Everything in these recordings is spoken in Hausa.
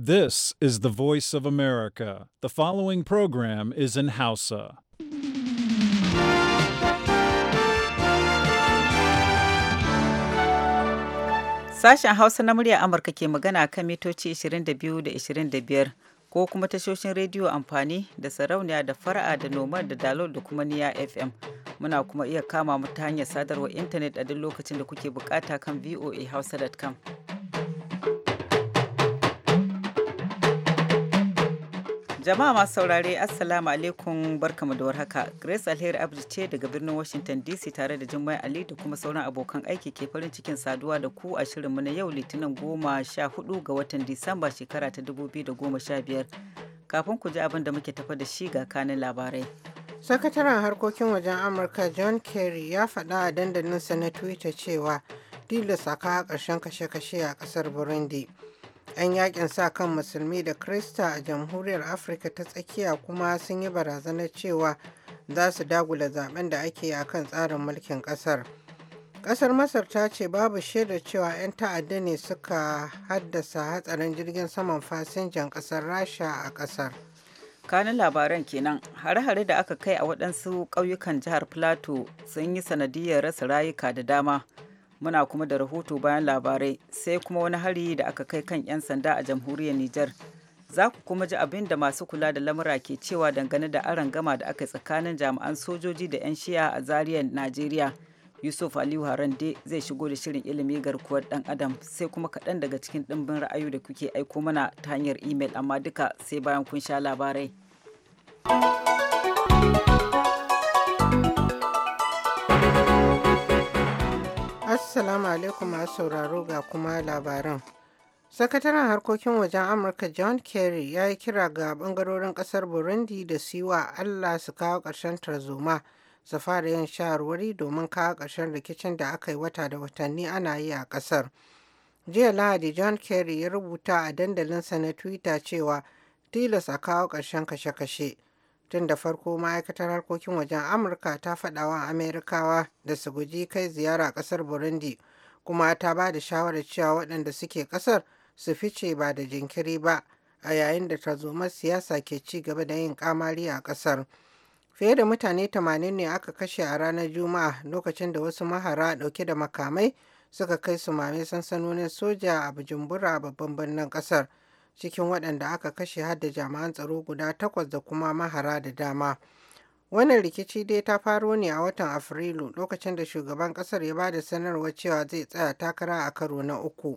This is the voice of America. The following program is in Hausa. Sashen Hausa na murya Amurka ke magana kan mitoci 22 da 25 ko kuma tashoshin rediyo amfani da sarauniya da fara'a da noma da dalol da kuma niya FM. Muna kuma iya kama mu ta hanyar sadarwar intanet a duk lokacin da kuke bukata kan voahausa.com. Jama'a masu saurare Assalamu alaikum barkamu da warhaka. Grace Alheri Abdi ce daga birnin Washington DC tare da Jummai Ali da kuma sauran abokan aiki ke farin cikin saduwa da ku a shirinmu na yau Litinin goma sha hudu ga watan Disamba shekara ta dubu biyu da goma sha biyar. Kafin ku ji abin da muke tafa da shi ga kanin labarai. Sakataren harkokin wajen Amurka John Kerry ya faɗa a dandalinsa na Twitter cewa dila saka ƙarshen kashe-kashe a ƙasar Burundi. 'Yan yakin sa kan musulmi da Krista a jamhuriyar Afirka ta tsakiya kuma sun yi barazanar cewa za su dagula zaben da ake yi a kan tsarin mulkin kasar. Kasar Masar ta ce babu shaida cewa 'yan ta'adda ne suka haddasa hatsarin jirgin saman fasinjan kasar Rasha a kasar. kanin labaran kenan hare-hare da aka kai a waɗansu ƙauyukan jihar plateau sun yi sanadiyar rasa rayuka da dama muna kuma da rahoto bayan labarai sai kuma wani hari da aka kai kan 'yan sanda a jamhuriyar Nijar. Za ku kuma ji abin da masu kula da lamura ke cewa dangane da aron gama da aka tsakanin jami'an sojoji da 'yan shiya a zariyar Najeriya. Yusuf Aliyu Harande zai shigo da shirin ilimi garkuwar ɗan Adam sai kuma kaɗan daga cikin ɗimbin ra'ayu da kuke aiko mana ta hanyar imel amma duka sai bayan kun sha labarai. Assalamu alaikum masu sauraro ga kuma labaran. Sakataren harkokin wajen Amurka John Kerry ya yi kira ga bangarorin kasar Burundi da siwa Allah su kawo ƙarshen tarzoma su fara yin shawarwari domin kawo ƙarshen rikicin da aka yi wata da watanni ana yi a ƙasar. Jiya Lahadi John Kerry ya rubuta a dandalinsa na Twitter cewa tilas a kawo ƙarshen kashe-kashe. tun da farko ma'aikatar harkokin wajen amurka ta faɗa wa amerikawa da su guji kai ziyara ƙasar burundi kuma ta ba da shawarar cewa waɗanda suke ƙasar su fice ba da jinkiri ba a yayin da tarzomar siyasa ke ci gaba da yin kamari a ƙasar fiye da mutane 80 ne aka kashe a ranar juma'a lokacin da wasu mahara ɗauke da makamai suka kai su mame sansanonin soja a bujumbura babban birnin ƙasar cikin waɗanda aka kashe har da jami'an tsaro guda takwas da kuma mahara da dama. Wannan rikici dai ta faro ne a watan Afrilu lokacin da shugaban ƙasar ya ba da sanarwar cewa zai tsaya takara a karo na uku.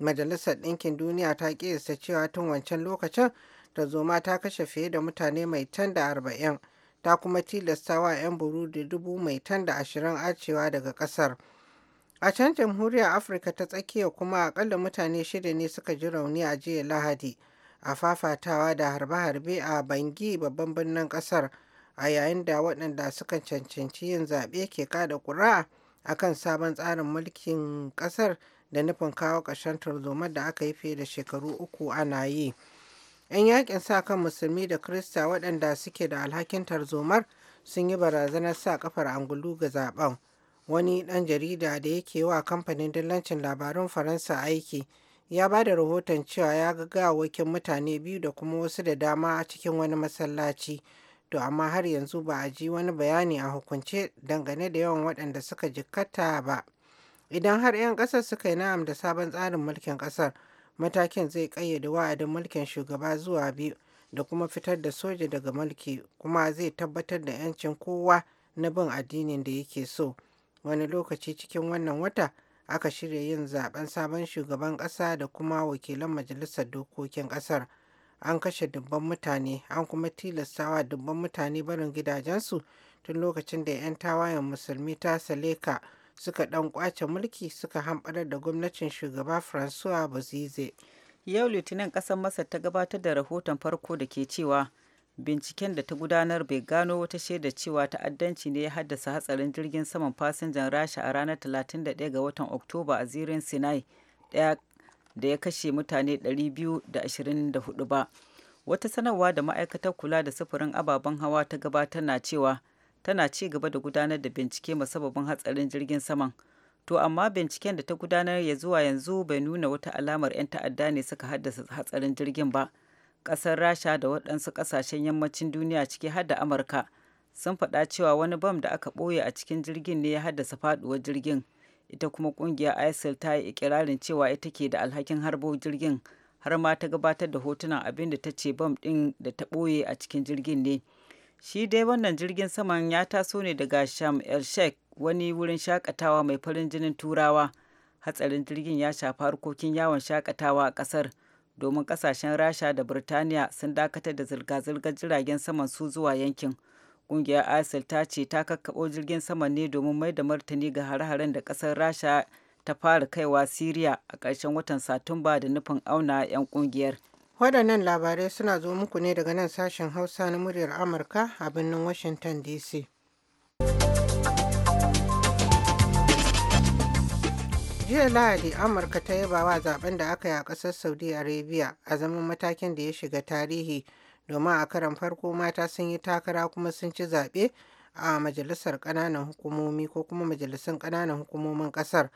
Majalisar Ɗinkin Duniya ta ƙiyasta cewa tun wancan lokacin ta zoma ta kashe fiye da mutane mai tan da arba'in ta kuma tilasta wa 'yan burundi dubu mai tan da ashirin arcewa daga ƙasar. A can jamhuriyar Afirka ta tsakiya kuma akalla mutane shida ne suka ji rauni a jiya Lahadi a fafatawa da harbe-harbe a Bangi babban birnin kasar a yayin da waɗanda suka cancanci yin zaɓe ke kada a kan sabon tsarin mulkin kasar da nufin kawo ƙashen tarzoma da aka yi fiye da shekaru uku ana yi. 'Yan yakin sa kan musulmi da Kirista waɗanda suke da alhakin tarzomar sun yi barazanar sa kafar angulu ga zaben. wani ɗan jarida da yake wa kamfanin dillancin labarun faransa aiki ya ba da rahoton cewa ya ga gawakin mutane biyu da kuma wasu da dama a cikin wani masallaci to amma har yanzu ba a ji wani bayani a hukunce dangane da yawan waɗanda suka jikkata ba idan har 'yan ƙasar suka yi na'am da sabon tsarin mulkin ƙasar matakin zai ƙayyade wa'adin mulkin shugaba zuwa biyu da kuma fitar da soja daga mulki kuma zai tabbatar da 'yancin kowa na bin addinin da yake so. wani lokaci cikin wannan wata aka shirya yin zaben sabon shugaban ƙasa da kuma wakilan majalisar dokokin ƙasar an kashe dubban mutane an kuma tilastawa dubban mutane barin gidajensu tun lokacin da 'yan tawayen musulmi ta saleka suka dan kwace mulki suka hamɓarar da gwamnatin shugaba francois bozize yau litinin ƙasar masar ta gabatar da rahoton farko da ke cewa binciken da ta gudanar bai gano wata shaida cewa ta'addanci ne ya haddasa hatsarin jirgin saman fasinjan rasha a ranar 31 ga watan oktoba a zirin sinai daya da ya kashe mutane 224 ba wata sanarwa da ma'aikatar kula da sufurin ababen hawa ta gabatar na cewa tana ci gaba da gudanar da bincike masababin hatsarin jirgin saman to amma binciken da ta gudanar ya zuwa yanzu bai nuna wata alamar 'yan ta'adda ne suka haddasa hatsarin jirgin ba. kasar rasha da waɗansu ƙasashen yammacin duniya ciki har da amurka sun faɗa cewa wani bam da aka ɓoye a cikin jirgin ne ya haddasa faɗuwar jirgin ita kuma ƙungiyar isil ta yi ikirarin cewa ita ke da alhakin harbo jirgin har ma ta gabatar da hotunan abin da ta ce bam ɗin da ta ɓoye a cikin jirgin ne shi dai wannan jirgin saman ya taso ne daga sham el sheikh wani wurin shakatawa mai farin jinin turawa hatsarin jirgin ya shafi harkokin yawon shakatawa a ƙasar domin kasashen rasha da birtaniya sun dakatar da zirga-zirgar jiragen saman su zuwa yankin ƙungiyar isil ta ce ta kakkaɓo jirgin sama ne domin mai da martani ga hare-haren da ƙasar rasha ta fara kaiwa siriya a ƙarshen watan satumba da nufin auna 'yan ƙungiyar waɗannan labarai suna zo muku ne daga nan sashen hausa na muryar amurka a birnin washington dc jiya lahadi amurka ta yaba wa zaben da aka yi a ƙasar saudi arabia a zaman matakin da ya shiga tarihi domin a karan farko mata sun yi takara kuma sun ci zaɓe a majalisar ƙananan hukumomi ko kuma majalisun ƙananan hukumomin ƙasar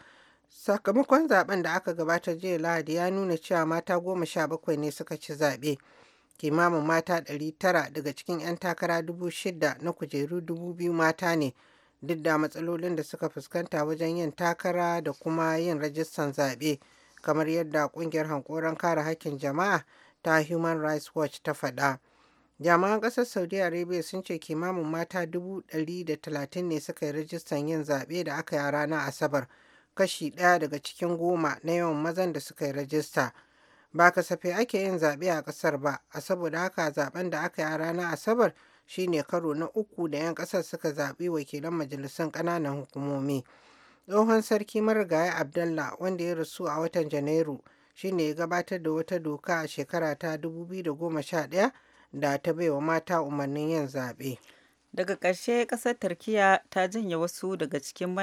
sakamakon zaben da aka gabata jiya lahadi ya nuna cewa mata goma sha bakwai ne suka ci zaɓe kimamin mata ɗari tara daga cikin 'yan takara dubu shida na kujeru dubu biyu mata ne duk da matsalolin da suka fuskanta wajen yin takara da kuma yin rajistan zaɓe kamar yadda ƙungiyar hankoron kare hakkin jama'a ta human rights watch ta faɗa jami'an ƙasar saudi arabia sun ce kimamin mata 130 ne suka yi rajistan yin zaɓe da aka yi a ranar asabar kashi ɗaya daga cikin goma na yawan mazan da suka yi rajista ba kasafai ake yin zaɓe a ƙasar ba a saboda haka zaɓen da aka yi a ranar asabar shine karo na uku da 'yan ƙasar suka zaɓi wakilan majalisun ƙananan hukumomi. Tsohon sarki marigaya Abdullah, wanda ya rasu a watan Janairu shine ya gabatar da wata doka a shekara ta 2011 da ta baiwa mata umarnin yin zaɓe. daga ƙarshe ƙasar turkiya ta janye wasu daga cikin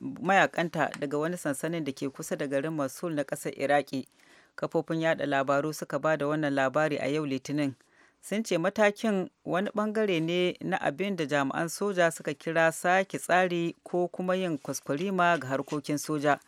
mayakanta daga wani sansanin da ke kusa da garin masul na ƙasar iraki kafofin yada labaru suka ba da wannan labari a yau litinin sun ce matakin wani bangare ne na abin da jami'an soja suka kira sake tsari ko kuma yin kwaskwarima ga harkokin soja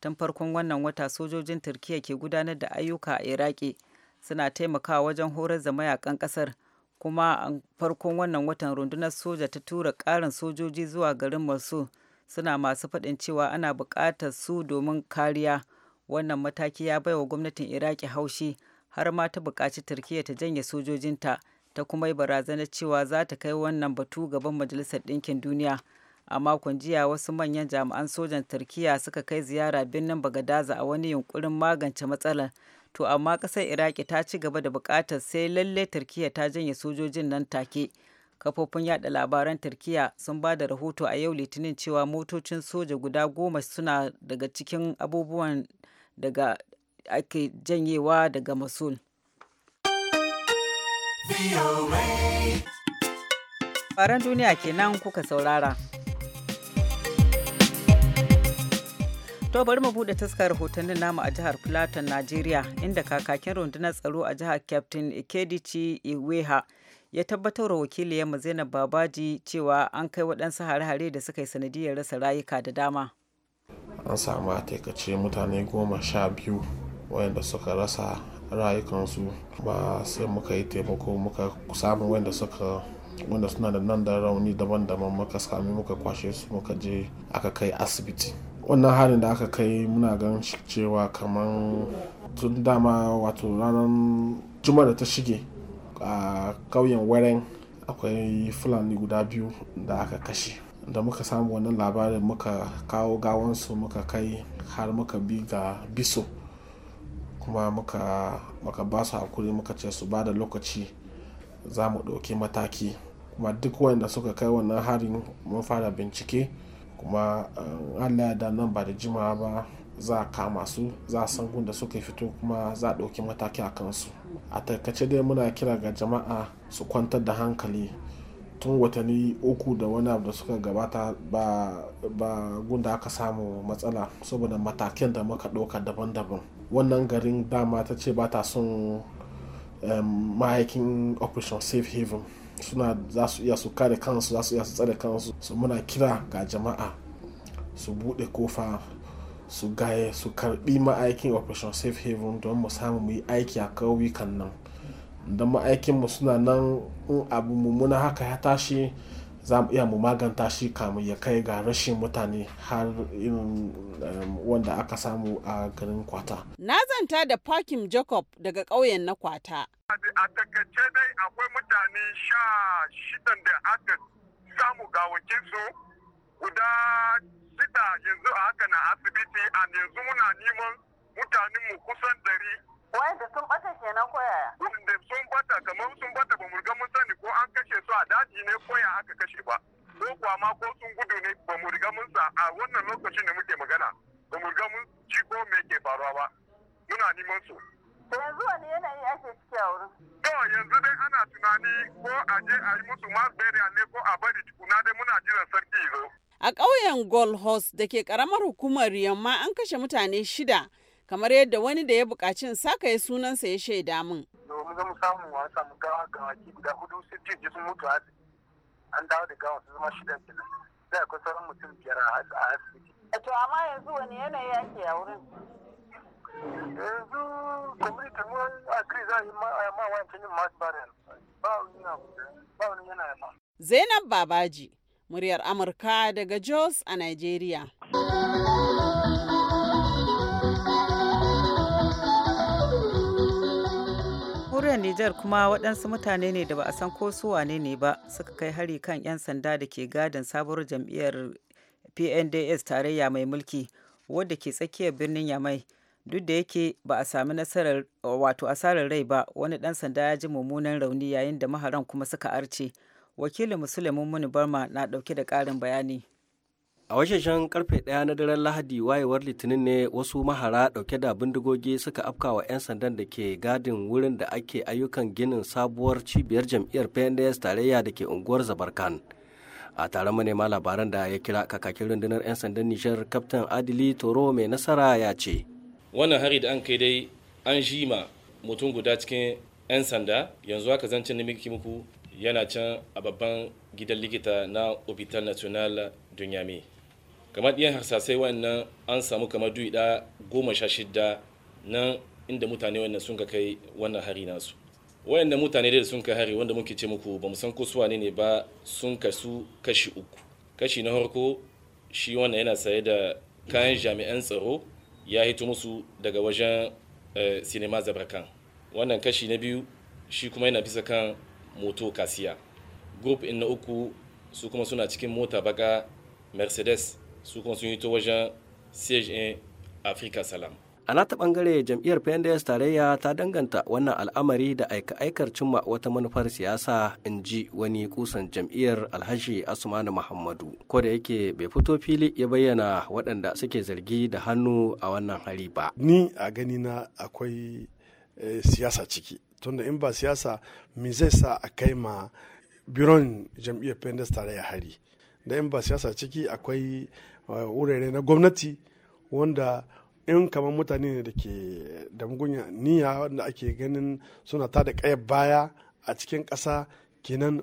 tun farkon wannan wata sojojin turkiya ke gudanar da ayyuka a iraki suna taimakawa wajen horar da mayakan kasar kuma a farkon wannan watan rundunar soja ta tura karin sojoji zuwa garin masu suna masu faɗin cewa ana buƙatar su domin kariya wannan mataki ya baiwa gwamnatin iraki haushi har ma ta buƙaci turkiyya ta janye sojojinta ta kuma yi barazanar cewa za ta kai wannan batu gaban majalisar ɗinkin duniya a makon jiya wasu manyan jami'an sojan turkiyya suka kai ziyara birnin bagadaza a wani yunkurin magance matsalar to amma ƙasar iraki ta ci gaba da buƙatar sai lalle turkiyya ta janye sojojin nan take kafofin yada labaran turkiya sun ba da rahoto a yau litinin cewa motocin soja guda goma suna daga cikin abubuwan daga ake janyewa daga masul. Faran duniya kenan kuka saurara. To bari mu bude taskar rahotannin namu a jihar Plateau, Najeriya, inda kakakin rundunar tsaro a jihar Captain Ikedici Iweha ya tabbatar wa mu Zainab Babaji cewa an kai waɗansu hare-hare da suka yi sanadiyar rasa rayuka da dama. An samu a mutane goma sha biyu wayanda suka rasa rayukansu ba sai muka yi taimako muka samu wayanda suka wanda suna da nan da rauni daban-daban muka sami muka kwashe su muka je aka kai asibiti wannan harin da aka kai muna gan cewa kamar tun dama wato ranar juma'a da ta shige a ƙauyen waren akwai fulani guda biyu da aka kashe da muka samu wannan labarin muka kawo gawansu muka kai har muka bi ga biso kuma muka muka ba su hakuri muka ce su ba da lokaci za mu ɗauki mataki kuma duk wanda suka kai wannan harin mun fara bincike kuma eh, allah da nan ba da jimawa ba za a kama su za a san gunda suka fito kuma za a ɗauki mataki a kansu a takaice dai muna kira ga jama'a su kwantar da hankali tun watanni uku da wani abu da suka gabata ba, ba gunda aka samu matsala saboda matakin da muka ɗauka daban-daban wannan garin dama ta ce ba ta son ma'aikin operation safe haven suna za su iya su kare kansu za su iya su tsare kansu su muna kira ga jama'a su buɗe kofa su gaye su karbi ma'aikin operation safe haven don mu samu mu yi aiki a kauyukan nan don maaikinmu suna nan in abu mummuna haka ya tashi za mu iya mu maganta shi kamun ya kai ga rashin mutane har irin um, wanda aka samu a garin kwata. Na zanta da fakin Jacob daga ƙauyen na kwata. A takace dai akwai mutane sha shidan da aka samu ga gawakinsu guda shida yanzu a haka na asibiti a yanzu muna neman mutanenmu kusan dari Wai da sun bata kenan ko yaya? Da sun bata kamar sun bata ba mu mun sani ko an kashe su a daji ne ko ya aka kashe ba. Ko kuwa ma ko sun gudu ne ba mu mun sa a wannan lokacin da muke magana ba mu mun ci ko me ke faruwa ba. Muna neman su. Yanzu wani yanayi ake ciki a wurin? To yanzu dai ana tunani ko a je a yi musu mass burial ne ko a bari tukuna dai muna jiran sarki zo. A ƙauyen Gold Horse da ke ƙaramar hukumar Yamma an kashe mutane shida kamar yadda wani da ya buƙaci saka ya sunansa ya shaida min. domin zama yanzu wani yanayi ake a wurin. yanzu mu a kiri yi ma ba wani yana Zainab Babaji, muryar Amurka daga Jos a Nigeria. jamhuriyar Nijar kuma waɗansu mutane ne da ba a san ko su wane ne ba suka kai hari kan 'yan sanda da ke gadon sabuwar jam'iyyar PNDS tarayya mai mulki wadda ke tsakiyar birnin Yamai duk da yake ba a sami nasarar wato asarar rai ba wani ɗan sanda ya ji mummunan rauni yayin da maharan kuma suka arce wakilin musulmin muni barma na ɗauke da ƙarin bayani a washeshen karfe ɗaya na daren lahadi wayewar litinin ne wasu mahara ɗauke da bindigogi suka afkawa 'yan sandan da ke gadin wurin da ake ayyukan ginin sabuwar cibiyar jam'iyyar pnds tarayya da ke unguwar zabarkan a taron manema labaran da ya kira kakakin rundunar 'yan sandan nishar kaftan adili toro mai nasara ya ce wannan hari da an kai dai an ma mutum guda cikin 'yan sanda yanzu haka zancen na muku yana can a babban gidan likita na hospital national me kamar ɗiyan harsasai wannan an samu kamar duida goma sha shidda nan inda mutane wannan sun ka kai wannan hari nasu wayanda mutane da sun ka hari wanda muke ce muku ba mu san ko wane ne ba sun kasu kashi uku kashi na farko shi wannan yana saye da kayan jami'an tsaro ya hito musu daga wajen eh, sinima zabrakan wannan kashi na biyu shi kuma yana bisa kan moto kasiya group in na uku su kuma suna cikin mota baka mercedes su kuma sun ta wajen siege afrika salam a nata bangare jam'iyyar pnds tarayya ta danganta wannan al'amari da aika-aikar cimma wata manufar siyasa in ji wani kusan jam'iyyar alhaji asmanu muhammadu ko da yake bai fito fili ya bayyana waɗanda suke zargi da hannu a wannan hari ba ni a gani na akwai eh, siyasa ciki tunda in ba siyasa me zai sa a kai ma biron jam'iyyar pnds tarayya hari da yan ba siyasa ciki akwai eh, wurare na gwamnati wanda in kamar mutane ne da ke da mugunya niyya wanda ake ganin suna ta da kayar baya a cikin ƙasa kenan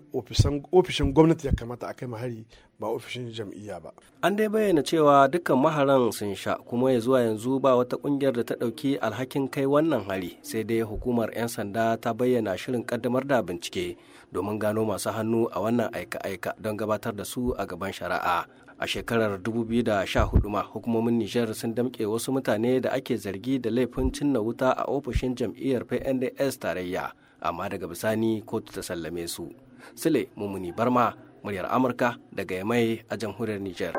ofishin gwamnati ya kamata a kai mahari ba ofishin jam'iyya ba. An dai bayyana cewa dukkan maharan sun sha kuma ya zuwa yanzu ba wata kungiyar da ta ɗauki alhakin kai wannan hari sai dai hukumar 'yan sanda ta bayyana shirin kaddamar da bincike domin gano masu hannu a wannan aika-aika don gabatar da su a gaban shari'a a shekarar 2014 ma hukumomin nijar sun damƙe wasu mutane da ake zargi da laifin cinna wuta a ofishin jam'iyyar pnds tarayya amma daga bisani kotu ta sallame su sule mumuni barma muryar amurka daga yamai a jamhuriyar nijar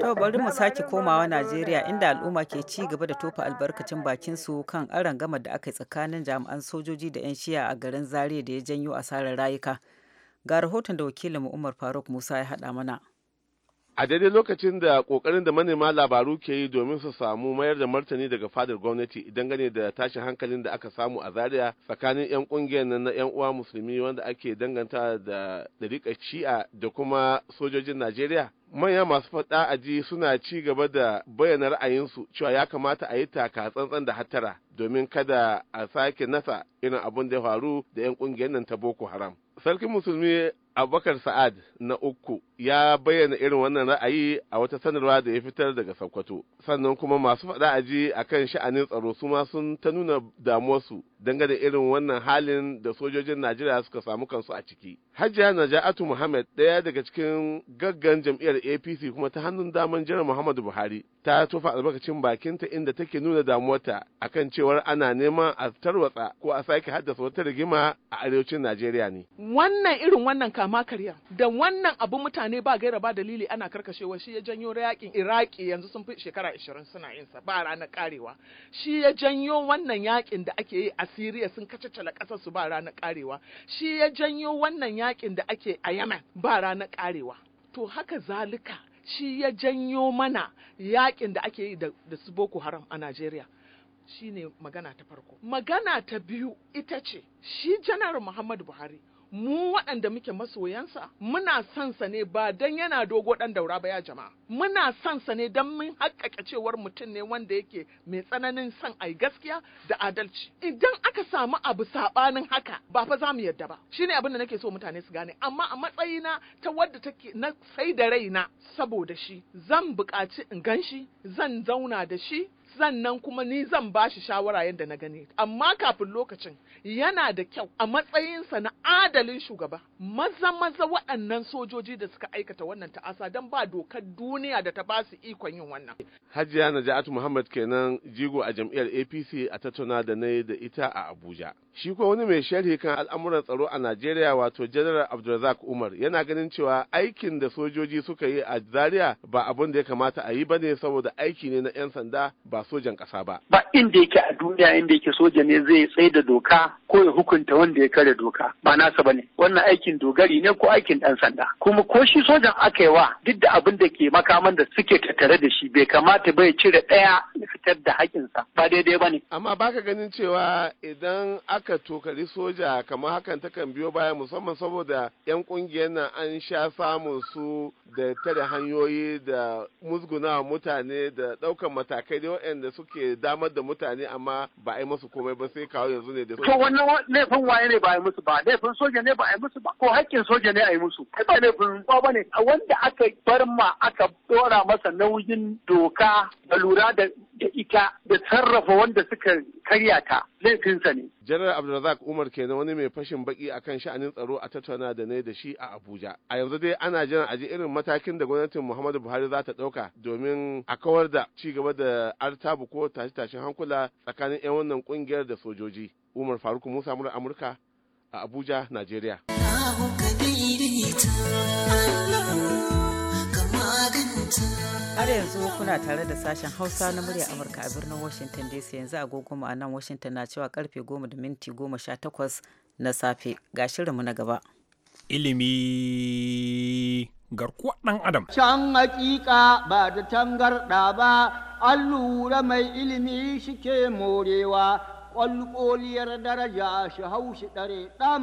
To bari mu sake komawa Najeriya inda al'umma ke ci gaba da tofa albarkacin bakin su kan aron gama da aka yi tsakanin jami'an sojoji da 'yan shiya a garin Zaria da ya janyo asarar rayuka. Ga rahoton da wakilin Umar Faruk Musa ya haɗa mana. a daidai lokacin da kokarin da manema labaru ke yi domin su samu mayar da martani daga fadar gwamnati idan gane da tashin hankalin da aka samu a zaria tsakanin yan kungiyar nan na yan uwa musulmi wanda ake danganta da dariƙar shi'a da kuma sojojin najeriya manya masu faɗa aji suna ci gaba da bayyana ra'ayinsu cewa ya kamata a yi taka tsantsan da hattara domin kada a sake nasa irin abin da ya faru da 'yan kungiyar nan ta boko haram sarkin musulmi abubakar sa'ad na uku ya bayyana irin wannan ra'ayi a wata sanarwa da ya fitar daga Sokoto. Sannan kuma masu faɗa aji a kan sha'anin tsaro su ma sun ta nuna damuwarsu dangane irin wannan halin da sojojin Najeriya suka samu kansu a ciki. Hajiya Naja'atu Muhammad ɗaya daga cikin gaggan jam'iyyar APC kuma ta hannun daman jiran Muhammadu Buhari ta tofa albarkacin bakinta inda take nuna damuwarta akan cewar ana neman a tarwatsa ko a sake haddasa wata rigima a arewacin Najeriya ne. Wannan irin wannan kama karya da wannan abu mutane mutane ba gaira ba dalili ana karkashewa shi ya janyo yakin iraki yanzu sun fi shekara 20 suna yin sa ba ranar karewa shi ya janyo wannan yakin da ake yi a Siriya sun kacacala kasar su ba ranar karewa shi ya janyo wannan yakin da ake a Yemen ba ranar karewa to haka zalika shi ya janyo mana yakin da ake yi da, su Boko Haram a Najeriya shine magana ta farko magana ta biyu ita ce shi janar Muhammadu Buhari mu waɗanda muke masoyansa muna son sa ne ba dan yana dogo ɗan daura ba ya jama'a muna son sa ne dan mun haƙƙaƙe cewar mutum ne wanda yake mai tsananin son ai gaskiya da adalci idan aka samu abu saɓanin haka ba fa za mu yadda ba shine abin da nake so mutane su gane amma a matsayina ta wadda take na sai da raina saboda shi zan buƙaci in gan shi zan zauna da shi sannan kuma ni zan ba shi shawara yadda na gani amma kafin lokacin yana da kyau a matsayinsa na adalin shugaba maza maza waɗannan sojoji da suka aikata wannan ta'asa don ba dokar duniya da ta ba su ikon yin wannan hajiya najatu muhammad kenan jigo a jam'iyyar apc a tattauna da na da ita a abuja shi ko wani mai sharhi kan al'amuran tsaro a Najeriya wato General Abdulrazak Umar yana ganin cewa aikin da sojoji suka yi a Zaria ba abin da ya kamata a yi ba ne saboda aiki ne na 'yan sanda ba sojan ƙasa ba. Ba inda yake a duniya inda yake soja ne zai tsaye da doka ko ya hukunta wanda ya kare doka ba nasa ba ne wannan aikin dogari ne ko aikin ɗan sanda kuma ko shi sojan aka yi wa duk da abin da ke makaman da suke tattare da shi bai kamata ba ya cire ɗaya fitar da haƙinsa ba daidai ba ne. Amma baka ganin cewa idan aka tokari soja kamar hakan ta kan biyo baya musamman saboda 'yan ƙungiyar nan an sha samun su da tare hanyoyi da musguna mutane da ɗaukar matakai da waɗanda suke damar da mutane amma ba a yi musu komai ba sai kawo yanzu ne da To wannan laifin waye ne ba a yi musu ba laifin soja ne ba a yi musu ba ko haƙƙin soja ne a yi musu. Kai ba laifin ba ba ne wanda aka bar ma aka ɗora masa nauyin doka da lura da da ita da sarrafa wanda suka karya ta laifinsa ne. Janar Abdulrazak Umar kenan wani mai fashin baki akan sha'anin tsaro a tattauna da ne da shi a Abuja. A yanzu dai ana jiran aji irin matakin da gwamnatin Muhammadu Buhari za ta ɗauka domin a kawar da ci gaba da artabu ko tashe-tashen hankula tsakanin 'yan wannan kungiyar da sojoji. Umar Faruk Musa mura Amurka a Abuja, Najeriya. Har yanzu kuna tare da sashen Hausa na murya Amurka a birnin Washington DC yanzu agogo a nan Washington na cewa karfe 10 da minti 18 na safe ga shirinmu na gaba. Ilimi garkuwa ɗan Adam. Can hakika ba da tangarɗa ba, allura mai ilimi shike morewa, kwalkoliyar daraja shi hau shi ɗare ɗan.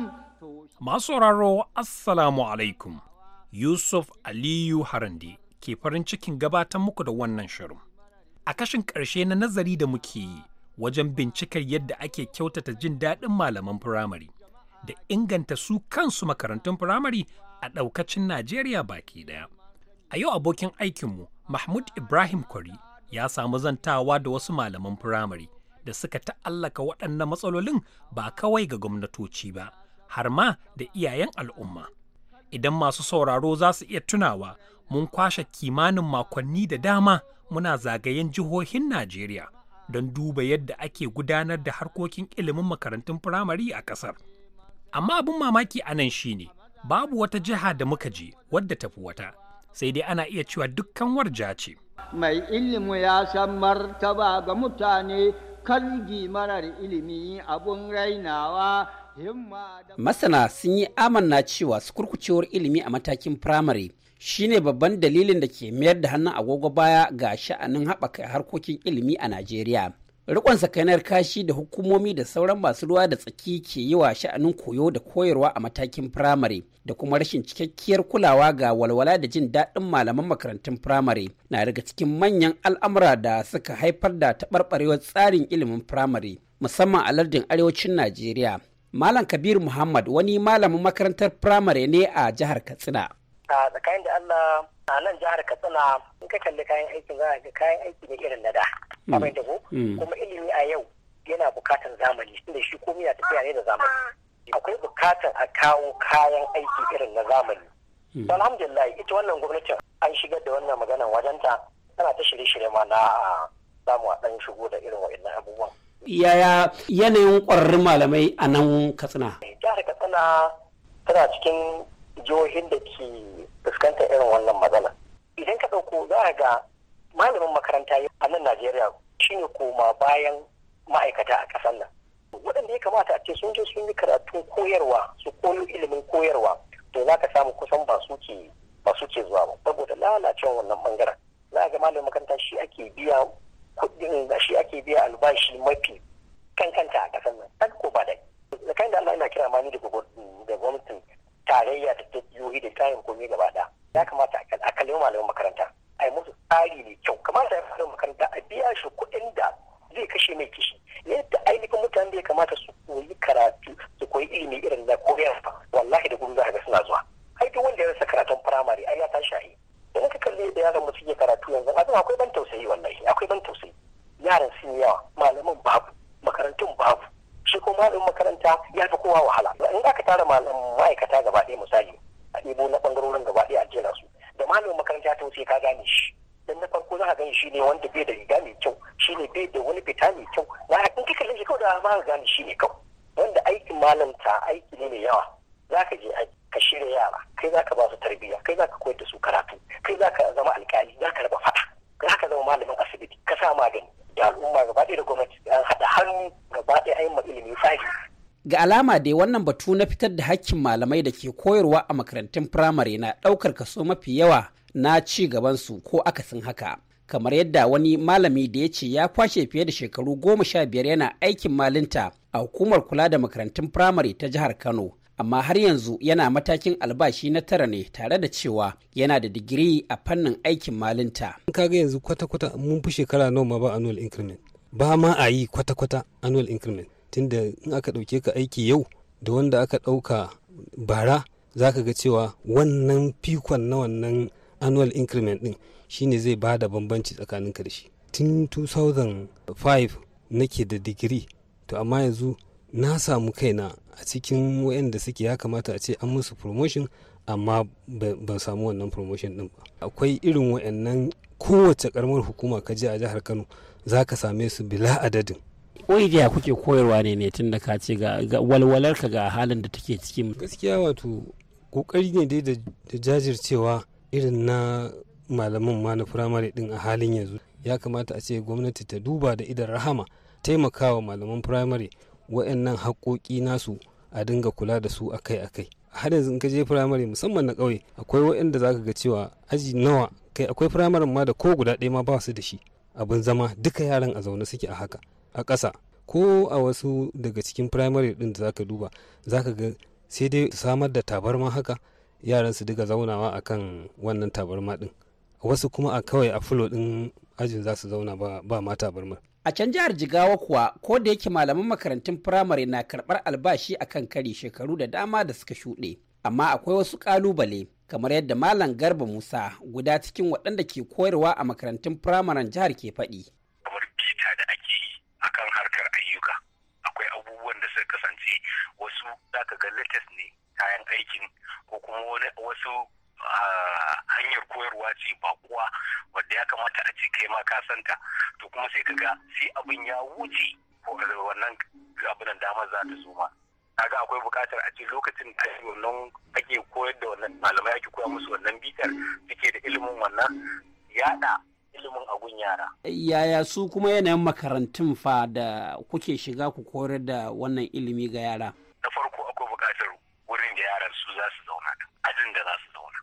Masu sauraro, Assalamu alaikum. Yusuf Aliyu Harande. ke farin cikin gabatar muku da wannan shirin. A kashin ƙarshe na nazari da muke yi wajen bincikar yadda ake kyautata jin daɗin malaman firamare da inganta su kansu makarantun firamare a ɗaukacin Najeriya baki ɗaya. A yau abokin aikinmu Mahmud Ibrahim Kwari ya samu zantawa da wasu malaman firamare da suka ta'allaka waɗannan matsalolin ba kawai ga gwamnatoci ba, har ma da iyayen al'umma. idan masu sauraro za su iya tunawa mun kwashe kimanin makonni da dama muna zagayen jihohin Najeriya don duba yadda ake gudanar da harkokin ilimin makarantun firamare a ƙasar. Amma abin mamaki a nan ne, babu wata jiha da muka je wadda tafi wata, sai dai ana iya cewa dukkan warja ce. Mai ilimi ya san martaba ga mutane kalgi marar ilimi abun rainawa Masana sun yi amanna cewa sukurkucewar ilimi a matakin firamare shine babban dalilin da ke mayar da hannun agogo baya ga sha'anin haɓaka harkokin ilimi a Najeriya. Rikon sakainar kashi da hukumomi da sauran masu ruwa da tsaki ke yi wa sha'anin koyo da koyarwa a matakin firamare da kuma rashin cikakkiyar kulawa ga walwala da jin daɗin malaman makarantun firamare na daga cikin manyan al'amura da suka haifar da taɓarɓarewar tsarin ilimin firamare musamman a lardin arewacin Najeriya. Malam Kabir Muhammad wani malamin makarantar firamare ne a jihar Katsina. A tsakanin da Allah a nan jihar Katsina in ka kalli kayan aikin za ga kayan aiki ne irin na da. Hmm. Amai da hmm. kuma ilimi a yau yana bukatar zamani tunda shi komai na tafiya ne da zamani. Akwai bukatar a kawo kayan aiki irin na zamani. Hmm. Alhamdulillah ita wannan gwamnatin an shigar da wannan magana wajenta tana ta shirye-shirye ma na samu a ɗan shigo da irin wa'annan abubuwan. yaya yanayin ƙwararrun malamai a nan katsina jihar katsina tana cikin jihohin da ke fuskantar irin wannan matsala idan ka ɗauko za a ga malamin makaranta a nan najeriya shine koma bayan ma'aikata a ƙasar nan waɗanda ya kamata a ce sun je sun yi karatun koyarwa su koyo ilimin koyarwa Malam ta aiki ne mai yawa za ka je aiki ka shirya yara kai za ka ba su tarbiyya kai za ka koyar da su karatu kai za ka zama alkali za ka raba faɗa, za ka zama malamin asibiti ka sa magani da al'umma gaba ɗaya da gwamnati an haɗa hannu gaba ɗaya ayin ilimi fahi ga alama dai wannan batu na fitar da hakkin malamai da ke koyarwa a makarantun firamare na ɗaukar kaso mafi yawa na ci gaban su ko akasin haka kamar yadda wani malami da ya ce ya kwashe fiye da shekaru goma sha biyar yana aikin malinta a hukumar kula da makarantun firamare ta jihar kano amma har yanzu yana matakin albashi na tara ne tare da cewa yana da digiri a fannin aikin malinta in ga yanzu kwata-kwata mun fi shekara nawa ma ba annual increment ba ma a yi kwata-kwata annual increment tunda in aka ɗauke ka aiki yau da wanda aka ɗauka bara za ka ga cewa wannan fikon na wannan annual increment ɗin shine zai ba da bambanci tsakanin da shi tun 2005 nake da digiri to amma yanzu na samu kaina a cikin wayanda suke ya kamata a ce an musu promotion amma ban samu wannan promotion din ba akwai irin wayannan kowace karamar hukuma ka je a jihar kano za ka same su bila adadin da kuke koyarwa ne ne tun da ka ce ga walwalar ka ga halin da take cikin gaskiya wato kokari ne dai da jajircewa irin na malaman ma na firamare din a halin yanzu ya kamata a ce gwamnati ta duba da idan rahama taimakawa malaman firamare waɗannan haƙoƙi nasu a dinga kula da su akai-akai har yanzu in ka je firamare musamman na ƙauye akwai waɗanda zaka ga cewa aji nawa kai akwai firamare ma da ko guda ɗaya ma ba su da shi abin zama duka yaran a zaune suke a haka a ƙasa ko a wasu daga cikin firamare din da zaka duba zaka ga sai dai samar da tabarma haka yaran su diga zaunawa akan wannan tabarma ɗin wasu kuma a kawai a fulo ɗin ajin za su zauna ba mata barmar. A can jihar Jigawa kuwa ko da yake malaman makarantun firamare na karɓar albashi a kan kari shekaru da dama da suka shuɗe. Amma akwai wasu ƙalubale kamar yadda Malam Garba Musa guda cikin waɗanda ke koyarwa a makarantun firamaren jihar ke faɗi. Kamar da ake yi akan harkar ayyuka akwai abubuwan da suka kasance wasu zaka ga latest ne kayan aikin ko kuma wasu hanyar koyarwa ce ba kuwa wadda ya kamata a ce kai ma ka santa to kuma sai kaga sai abin ya wuce ko wannan abin damar za ta ma kaga akwai bukatar a ce lokacin da wannan ake koyar da wannan malamai ake koya musu wannan bitar suke da ilimin wannan yada ilimin agun yara. Yaya su kuma yanayin makarantun fa da kuke shiga ku koyar da wannan ilimi ga yara? su za su zauna ajin da za su zauna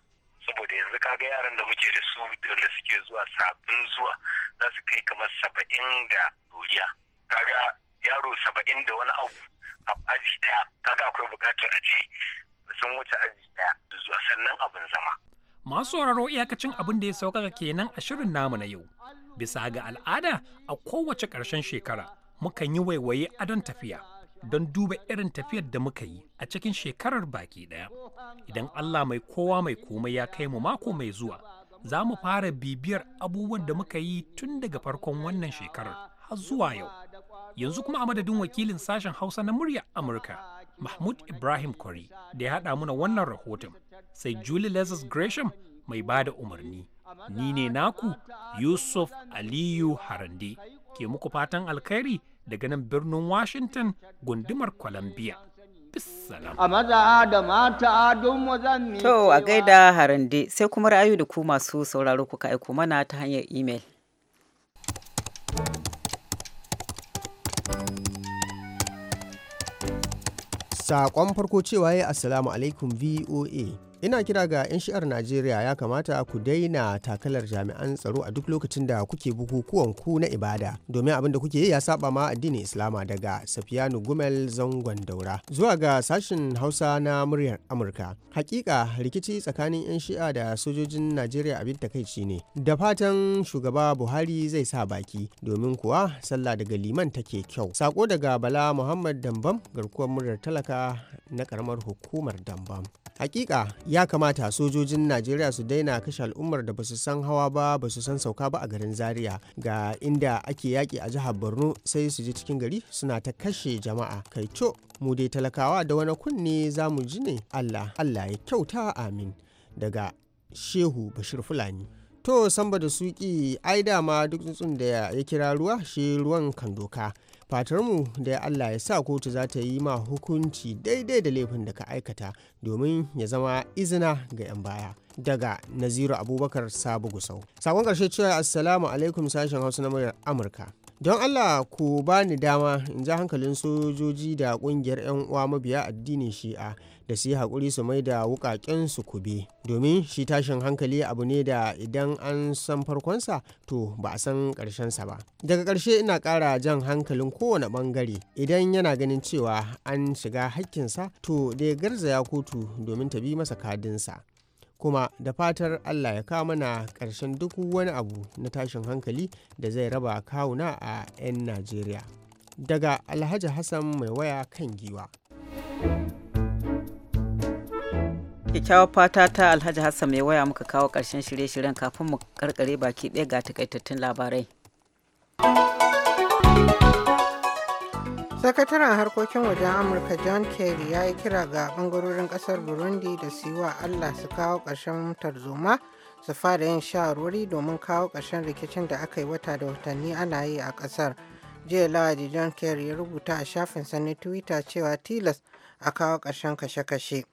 saboda yanzu kaga yaran da muke da su da suke zuwa sabbin zuwa za su kai kamar saba'in da doriya kaga yaro saba'in da wani abu a aji daya kaga akwai bukatar a ce sun wuce aji daya zuwa sannan abin zama masu sauraro iyakacin abin da ya saukaka kenan a shirin namu na yau bisa ga al'ada a kowace ƙarshen shekara mukan yi waiwaye adon tafiya don duba irin tafiyar da muka yi a cikin shekarar baki ɗaya. Idan Allah mai kowa mai komai ya kai mu mako mai zuwa, za mu fara bibiyar abubuwan da muka yi tun daga farkon wannan shekarar har zuwa yau. Yanzu kuma a madadin wakilin sashen Hausa na murya Amurka, Mahmud Ibrahim Kwari, da ya haɗa muna wannan rahoton, sai Julie Lazarus Gresham mai ba da umarni. Ni ne naku Yusuf Aliyu Harande, ke muku fatan alkhairi daga nan birnin Washington gundumar Columbia. A maza da mata don wazan To a gaida harande sai kuma ra'ayi da ku masu sauraro kuka aiko mana ta hanyar imel. Saƙon farko cewa ya Assalamu alaikum VOA. ina kira ga 'yan shi'ar najeriya ya kamata ku daina takalar jami'an tsaro a duk lokacin da kuke bukukuwan ku na ibada domin abin da kuke ya saba ma addinin islama daga safiyanu gumel zangon daura zuwa ga sashen hausa na muryar amurka hakika rikici tsakanin 'yan shi'a da sojojin najeriya abin takaici ne da fatan shugaba buhari zai sa baki domin kuwa sallah daga liman take kyau sako daga bala muhammad dambam garkuwar muryar talaka na karamar hukumar dambam hakika ya kamata sojojin najeriya su daina kashe al'ummar da basu san hawa ba basu san sauka ba a garin zaria ga inda ake yaƙi a jihar borno sai su je cikin gari suna ta kashe jama'a kai co mu dai talakawa da wani kunne za mu ji ne allah allah ya kyauta amin daga shehu bashir fulani to samba da suki ai dama duk tsuntsun da ya kira ruwa shi ruwan kan doka fatarmu da Allah ya sa kotu za ta yi ma hukunci daidai da laifin da ka aikata domin ya zama izina ga 'yan baya daga naziru abubakar sabu gusau sakon ƙarshe cewa assalamu alaikum sashen hausa na muryar amurka don allah ku ba ni dama in ji hankalin sojoji da ƙungiyar 'yan uwa mabiya addinin shi'a da su yi haƙuri su mai da wukaƙen su kube domin shi tashin hankali abu ne da idan an san farkonsa to ba a san ƙarshensa ba daga ƙarshe ina ƙara jan hankalin kowane bangare idan yana ganin cewa an shiga sa to da ya garzaya kotu domin ta bi masa kadinsa kuma da fatar Allah ya kawo mana ƙarshen duk wani abu na tashin hankali da zai raba kawuna a 'yan Najeriya. Daga Alhaji Hassan mai waya kan giwa. kyakkyawar fata ta alhaji hassan mai waya muka kawo ƙarshen shirye-shiryen kafin mu karkare baki ɗaya ga takaitattun labarai sakataren harkokin wajen amurka john kerry ya yi kira ga bangarorin kasar burundi da su yi wa allah su kawo ƙarshen zoma su fara yin shawarwari domin kawo ƙarshen rikicin da aka yi wata da watanni ana yi a ƙasar jiya lahadi john kerry ya rubuta a shafinsa na twitter cewa tilas a kawo ƙarshen kashe-kashe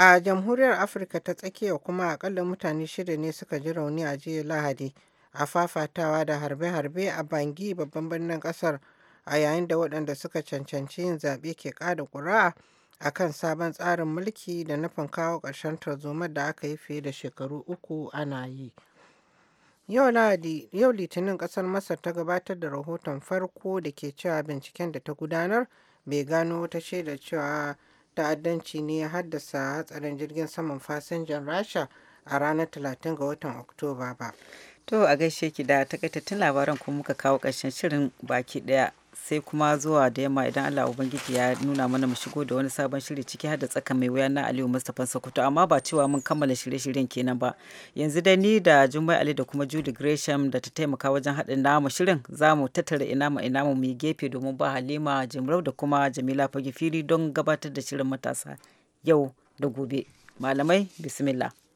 A Jamhuriyar Afirka ta Tsakiya kuma akalla mutane shida ne suka ji rauni a jiya Lahadi a fafatawa da harbe-harbe a Bangi babban birnin kasar a yayin da waɗanda suka cancanci yin zaɓe ke ƙada ƙuri'a a kan sabon tsarin mulki da nufin kawo ƙarshen tarzomar da aka yi fiye da shekaru uku ana yi. Yau Litinin ƙasar Masar ta gabatar da rahoton farko da ke cewa binciken da ta gudanar bai gano wata shaida cewa ta'addanci ne ya haddasa hatsarin jirgin saman fasinjan rasha a ranar 30 ga watan oktoba ba to a gaishe ki da takaitattun labaran kuma muka kawo ƙarshen shirin baki ɗaya. sai kuma zuwa da yamma idan Allah Ubangiji ya nuna mana mu shigo da wani sabon shiri ciki har da tsaka mai wuya na Aliyu Mustapha Sokoto amma ba cewa mun kammala shirye-shiryen kenan ba yanzu da ni da Jummai Ali da kuma Judy Gresham da ta taimaka wajen haɗin namu shirin za mu tattara ina mu ina mu yi gefe domin ba Halima Jimrau da kuma Jamila Fagifiri don gabatar da shirin matasa yau da gobe malamai bismillah